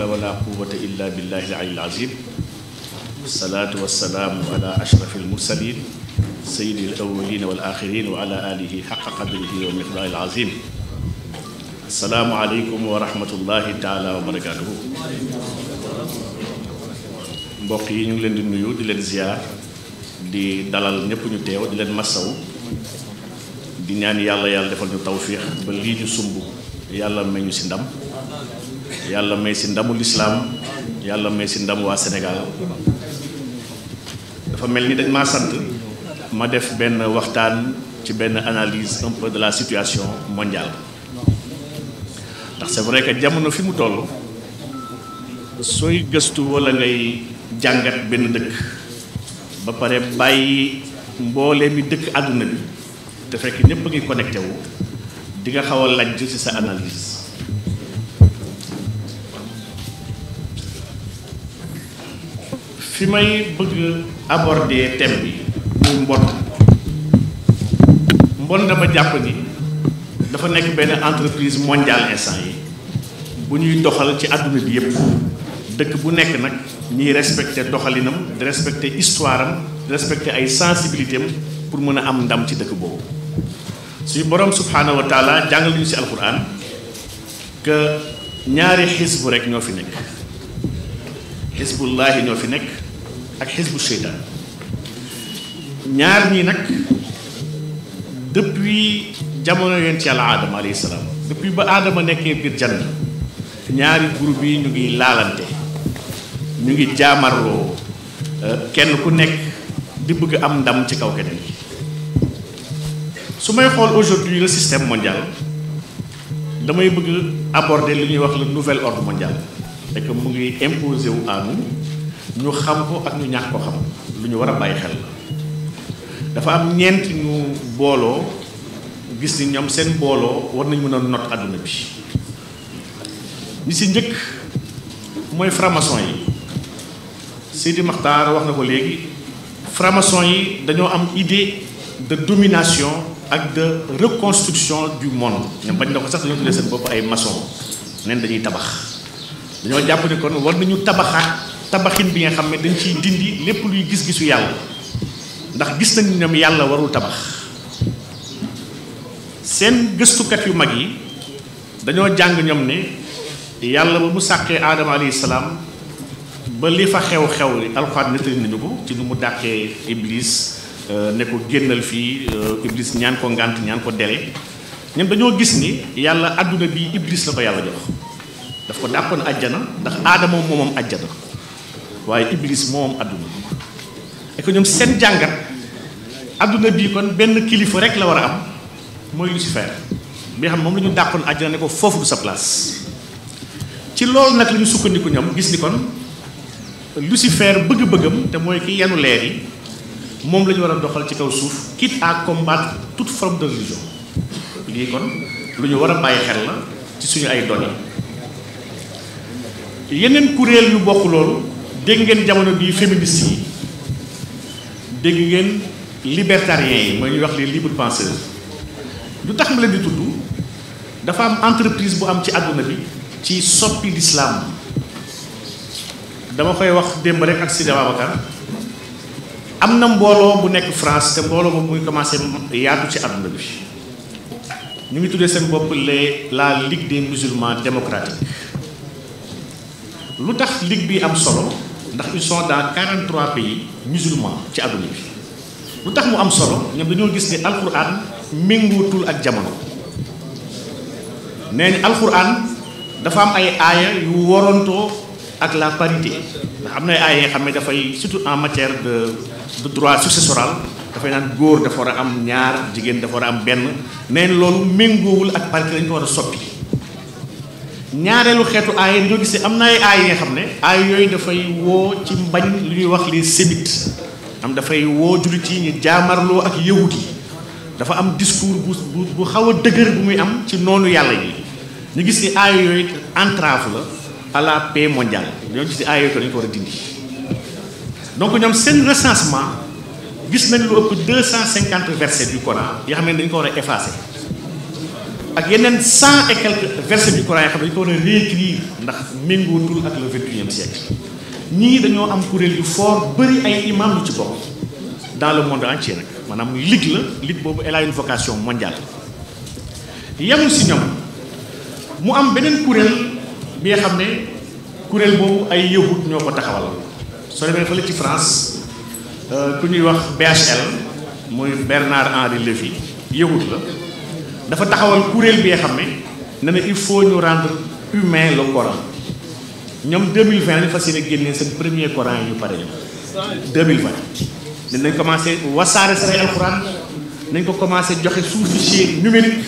la wala quwwata illa billahi al-aliyyil azim salaatu wassalaamu ala ashrafil mursalin sayyidil awwalin wal axirin wa ala alihi xaqa qadrihi wa miqdaaril azim assalaamu aleykum wa rahmatullahi taala wa barakaatuhu mbokk yi ñu ngi leen di nuyu di leen ziar di dalal ñépp ñu teew di leen massaw di ñaan yàlla yàlla defal ñu tawfiix ba lii ñu sumb yàlla may ñu si ndam yàlla may si ndamu lislaam yàlla may si ndam waa Sénégal dafa mel ni dañ maa sant ma def benn waxtaan ci benn analyse un peu de la situation mondiale ndax c'est vrai que jamono fi mu toll sooy gëstu walla lay jàngat benn dëkk ba pare bàyyi mboolee mi dëkk àdduna bi te fekk ñépp a ngi connecté wu di xaw a lajj ci sa analyse fi may bëgg aborder thème bi bu mbon mbon dama jàpp ni dafa nekk benn entreprise mondiale instant yi bu ñuy doxal ci àdduna bi yépp dëkk bu nekk nag ñuy respecter doxalinam di respecter histoire am di respecter ay sensibilité pour mën a am ndam ci dëkk boobu suñu borom subhanahu wa taala jàngal ñu si alquran ñaari xisbu rek ñoo fi nekk xisbullahi ñoo fi nekk ak xisbu seytaan ñaar nii nag dëpp wi jamono yonent yàlla aadama alayhi salaam depuis ba aadama nekkee biir janna ñaari groupe yi ñu ngi laalante ñu ngi jaamarloo eh, kenn ku nekk di bëgg am ndam ci kaw keneen su may xool aujourd'hui le système mondial damay bëgg aborder li ñuy wax le nouvel ordre mondial et que mu ngi imposé wu à ñu xam ko ak ñu ñàkk ko xam lu ñu war a bàyyi xel la dafa am ñeent ñu booloo gis ni ñoom seen booloo war nañ mën a not àdduna bi ñi si njëkk mooy franc-maçon yi Seydi Maxtaar wax na ko léegi franc-maçon yi dañoo am idée de domination ak de reconstruction du monde ñoom bañ na ko sax dañoo tuddee seen bopp ay mason neen dañuy tabax dañoo jàpp ne kon war nañu tabaxaat tabaxin bi nga xam ne dañ ciy dindi lépp luy gis-gisu yàlla ndax gis nañ ñoom yàlla warul tabax seen gëstukat yu mag yi dañoo jàng ñoom ne yàlla ba mu sàqee aadama alayhi salaam ba li fa xew-xew li alxuraan nettali nañu ko ci lu mu dàqee iblis euh, ne ko génnal fii euh, iblis ñaan ko ngànt ñaan ko dele ñoom dañoo gis ni yàlla àdduna bi iblis la ko yàlla jox daf ko dàqoon àjjana ndax aadama moomam àjjana waaye iblis moom àdduna et que ñoom seen jàngat àdduna bii kon benn kilifa rek la war a am mooy Lucifer bi xam moom la ñu dàqoon àjjana ne ko foofu du sa place ci loolu nag la sukkandiku ñoom gis ni kon Lucifer bëgg-bëggam te mooy ki yenu leer yi moom lañu war a doxal ci kaw suuf quitte a combattre tout forme de religion lii kon lu ñu war a bàyyi xel la ci suñu ay doon yi yeneen kuréel yu bokk loolu dégg ngeen jamono bii féministe yi dégg ngeen libertariens yi mooy ñuy wax les libres penseurs lu tax ma leen di tudd dafa am entreprise bu am ci àdduna bi ci soppi l'islam dama koy wax démb rek ak Sidi Ababacar am na mbooloo bu nekk France te mbooloo moom muy commencé yaatu ci àdduna bi ñu ngi tuddee seen bopp les la ligue des musulmans démocratiques lu tax lig bi am solo ndax ils sont dans 43 pays musulmans ci àdduna bi lu tax mu am solo ñoom dañoo gis ne alquran méngootul ak jamono nee ni alquran dafa am ay aaya yu worontoo ak la parité ndax am na ay aaya yoo xam ne dafay surtout en matière de de droit successoral dafay naan góor dafa war a am ñaar jigéen dafa war a am benn nee loolu méngoowul ak parité dañ ko war a soppi ñaareelu xeetu aaya dañoo gisee am na ay aaya yi xam ne aaya yooyu dafay woo ci mbañ lu ñuy wax les sémites am dafay woo jullit yi ñu jaamarloo ak yahut yi dafa am discours bu bu xaw a dëgër bu muy am ci noonu yàlla yi ñu gis ni aaya yooyu entrave la à la paix mondiale dañoo gis ni aaya yooyu dañu ko war a dindi donc ñoom seen recensement gis nañ lu ëpp deux cent cinquante versets du Coran yoo xam ne dañ ko war a effacer ak yeneen cent et quelques versets du Coran yoo ko war a réécrire ndax méngootul ak le vingt-et-unième siècle ñii dañoo am kuréel yu fort bëri ay imam yu ci bokk dans le monde entier nag maanaam ligue la ligue boobu elle a une vocation mondiale yemul si ñoom mu am beneen kuréel bi nga xam ne kuréel boobu ay yahut ñoo ko taxawal soo demee fële ci France euh, ku ñuy wax BHL muy Bernard Henri Lévy yahut la dafa taxawal kuréel bi nga xam ne ne il faut ñu rendre humain le Coran ñoom 2020 lañu fas yéene génnee seen premier Coran yu pare ñoom 2020 dinañ commencé wasaare seen alxuraan nañ ko commencé joxe sous fichier numérique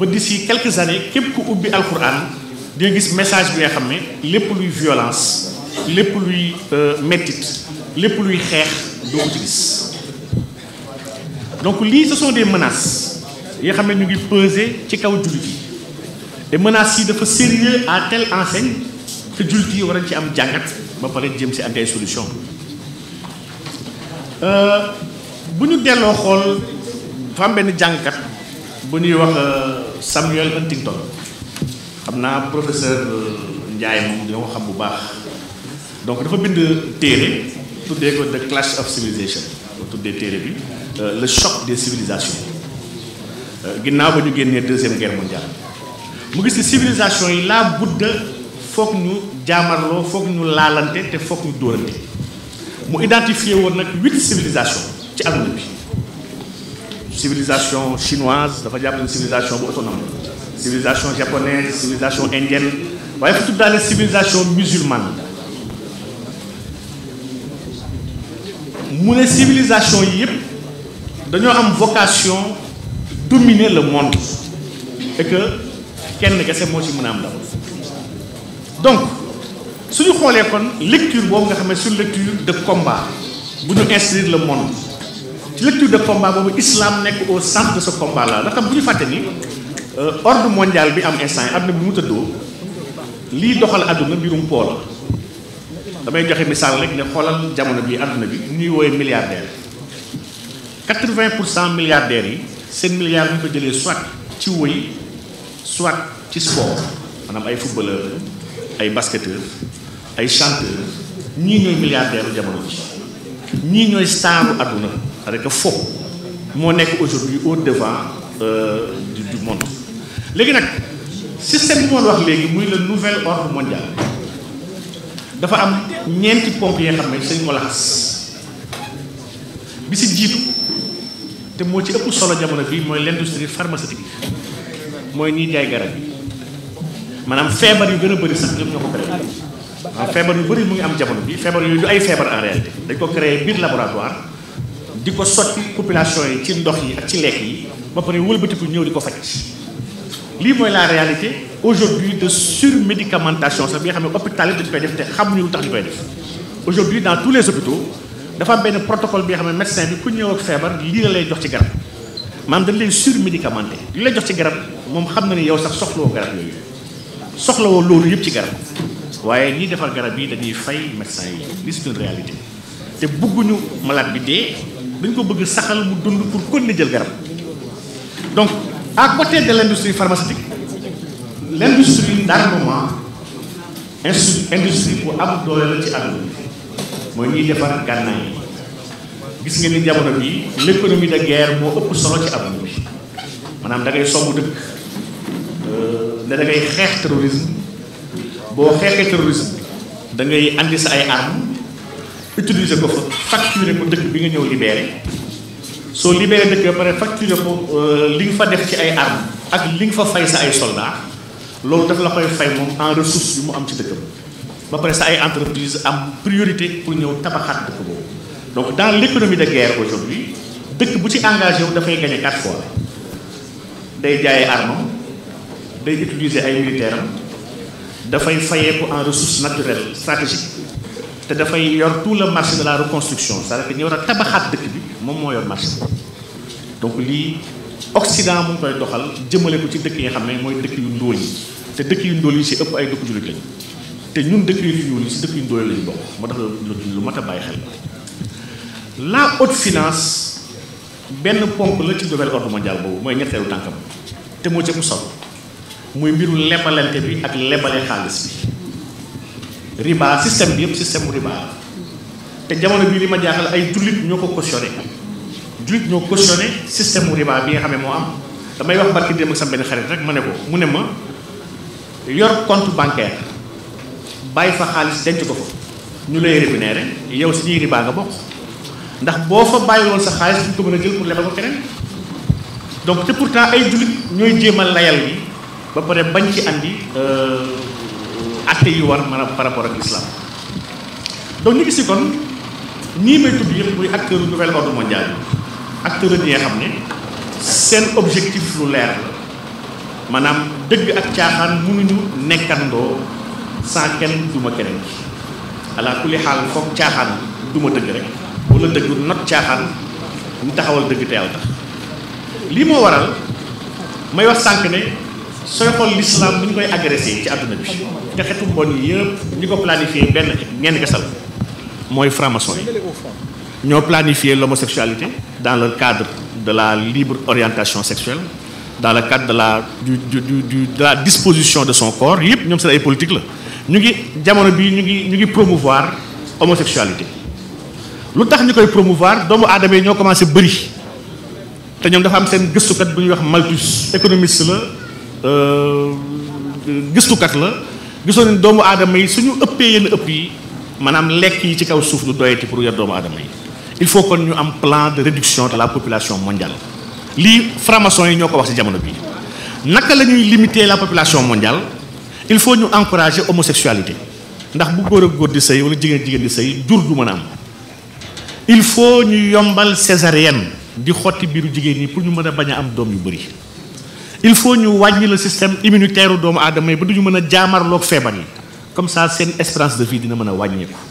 ba d'ici quelques années képp ku ubbi alxuraan di nga gis message bi nga xam ne lépp luy violence lépp luy euh, mettit lépp luy xeex doo ko ci gis donc lii ce sont des menaces yi nga xam ne ñu ngi peser ci kaw jullit yi te menaces si dafa sérieux à telle enseigne que jullit yi war nañ ci am jàngat ba pare jëm si andi ay solution euh, bu ñu delloo xool dafa am benn jàngkat bu ñuy wax euh, Samuel Huntington xam naa professeur euh, Ndiaye moom dina xam bu baax donc dafa bind téere tuddee ko The Clash of Civilization tuddee téere bi le choc des civilisations ginnaaw ba ñu génnee deuxième guerre mondiale mu gis ne civilisation yi laa budda foog ñu jaamarloo foog ñu laalante te foog ñu dóorante mu identifié woon nag huit civilisation ci àdduna bi civilisation chinoise dafa jàpp ne civilisation bu autonome civilisation japonaise civilisation indienne waaye fu tuddaale civilisation musulmane mu ne civilisation yi yëpp dañoo am vocation dominer la monde et kenn kese moo ci mën a am ndam donc suñu xoolee kon lecture boobu nga xam ne sur lecture de combat bu ñu instruire la monde ci lecture de combat boobu islaam nekk au centre de ce combat là ndax tam bu ñu fàtte ni euh, ordre mondial bi am instant yi àdduna bi mu tëddoo lii doxal àdduna mbirum poo la damay joxe misaal rek ne xoolal jamono bi àdduna bi ñuy woowee milliardaire quatre-vingt pour cent milliardaires yi seen milliard bu ko jëlee soit ci woy soit ci sport maanaam ay footballeur ay basketteur ay chanteur ñii ñooy milliardaire jamono ji ñii ñooy staru àdduna rek fo moo nekk aujourd'hui au devant euh, du du monde léegi nag système bi moon wax léegi muy le nouvel ordre mondial dafa am ñeenti pompe yoo xam ne sëñ mo laxas bi si jiitu te moo ci ëpp solo jamono bi mooy l'industrie pharmaceutique mooy ñiy jaay garab yi maanaam feebar yu gën a bëri sax ñoom ñoo ko créé maanaam feebar yu bëri mu ngi am jamono bi feebar yooyu du ay feebar en réalité dañ ko créé biir laboratoire di ko sotti population yi ci ndox yi ak ci lekk yi ba pare wëlbatiku ñëw di ko faj lii mooy la réalité aujourd'hui de surmédicamentation sax bi nga xam ne hôpital yi dañ koy def te xamuñu lu tax ñu koy def aujourd'hui dans tous les hôpitaux dafa benn protocole bi nga xam ne médecin bi ku ñëw ak feebar lii la lay jox ci garab maanaam dañ lay surmédicamenté li lay jox ci garab moom xam na ni yow sax soxlawoo garab yooyu soxlawoo loolu yëpp ci garab waaye ñi defar garab yi dañuy fay médecin yi li c'est réalité te bëgguñu malade bi dee dañ ko bëgg saxal mu dund pour continuer jël garab donc ak côté de l'industrie pharmaceutique l'industrie d'armement industrie bu am doole la ci àdduna mooy ñuy defar gànnaay gis nga ni jamono bi l'économie de guerre moo ëpp solo ci adduna bi maanaam da ngay somb dëkk euh, ne da ngay xeex terrorisme boo xeexee terrorisme da ngay andi sa ay armes utiliser ko fa facturer ko dëkk bi nga ñëw libéré soo libéré dëkk ba pare facturer ko euh, li nga fa def ci ay armes ak li nga fa fay sa ay soldats loolu daf la koy fay moom en ressource bi mu am ci dëkkam ba pare sa ay entreprise am priorité pour ñëw tabaxaat dëkk boobu donc dans l'économie de guerre aujourd'hui dëkk bu ci engagé wu dafay gagné quatre fois day jaayee armam day utiliser ay militaire am dafay fayeeku en ressource naturelle stratégique te dafay yor tout le marché de la reconstruction c'est-à-dire que a tabaxaat dëkk bi moom moo yor marché donc lii Occident mu ngi koy doxal jëmale ko ci dëkk yi xam nañ mooy dëkk yu ndóol yi te dëkk yu ndóol yi si ëpp ay dëkk te ñun décret yi ñu si décret yu doole lañu bokk moo tax lu mat a bàyyi xel la la haute finance benn ponk la ci nouvel ordre mondial boobu mooy ñetteelu tànkam te moo cëpp sol muy mbiru lebalante bi ak lebale xaalis bi riba système bi yëpp système riba te jamono bii li ma jaaxal ay jullit ñoo ko cautionné jullit ñoo cautionné système riba bi nga xam ne moo am damay wax barki démb ak sama benn xarit rek ma ne ko mu ne ma yor compte bancaire bàyyi fa xaalis denc ko ko ñu lay rémunéré yow si ñuy ribaa nga bokk ndax boo fa bàyyi woon sa xaalis duñ ko mën a jël pour lebal ko keneen donc te pourtant ay jullit ñooy jéemal layal bi ba pare bañ ci andi euh, atte yi war man a par rapport ak l'islam donc ñu gis kon nii may tudd yëpp muy acteur nouvel ordre mondial yi acteur yi nga xam ne seen objectif lu leer la maanaam dëgg ak caaxaan mënuñu nekkandoo san kenn duma keneen ki ala kulli xaal foog caaxaan duma dëgg rek wala dëgg not caaxaan ñu taxawal dëgg te yàlla tax lii moo waral may wax sànq ne sooy xool l'islam bu ñu koy agressé ci àdduna bi te xetu mbon yi yëpp ñi ko planifié benn ñenn gasal mooy franc yi ñoo planifié l'homosexualité dans le cadre de la libre orientation sexuelle dans le cadre de la du, du, du, de la disposition de son corps yëpp ñoom seen ay politique la ñu ngi jamono bi ñu ngi ñu ngi promouvoir homosexualité lu tax ñu koy promouvoir doomu aadama yi ñoo commencé bëri te ñoom dafa am seen gëstukat bu ñuy wax Malthus économiste la euh, gëstukat la gisoon ne doomu aadama yi suñu ëppee yenn ëpp yi maanaam lekk yi ci kaw suuf lu doyati pour yor doomu aadama yi il faut kon ñu am plan de réduction de la population mondiale lii franc yi ñoo ko wax ci jamono bi naka la ñuy limiter la population mondiale il faut ñu encourager homosexualité ndax bu góor ak góor di sëy wala jigéen jigéen di say jur du mën a am il faut ñu yombal césarienne di xotti biiru jigéen ñi pour ñu mën a bañ a am doom yu bëri il faut ñu wàññi la système immunitaire doomu aadama yi ba du ñu mën a jaamarloog feebar yi comme ça seen espérance de vie dina mën a wàññeeku.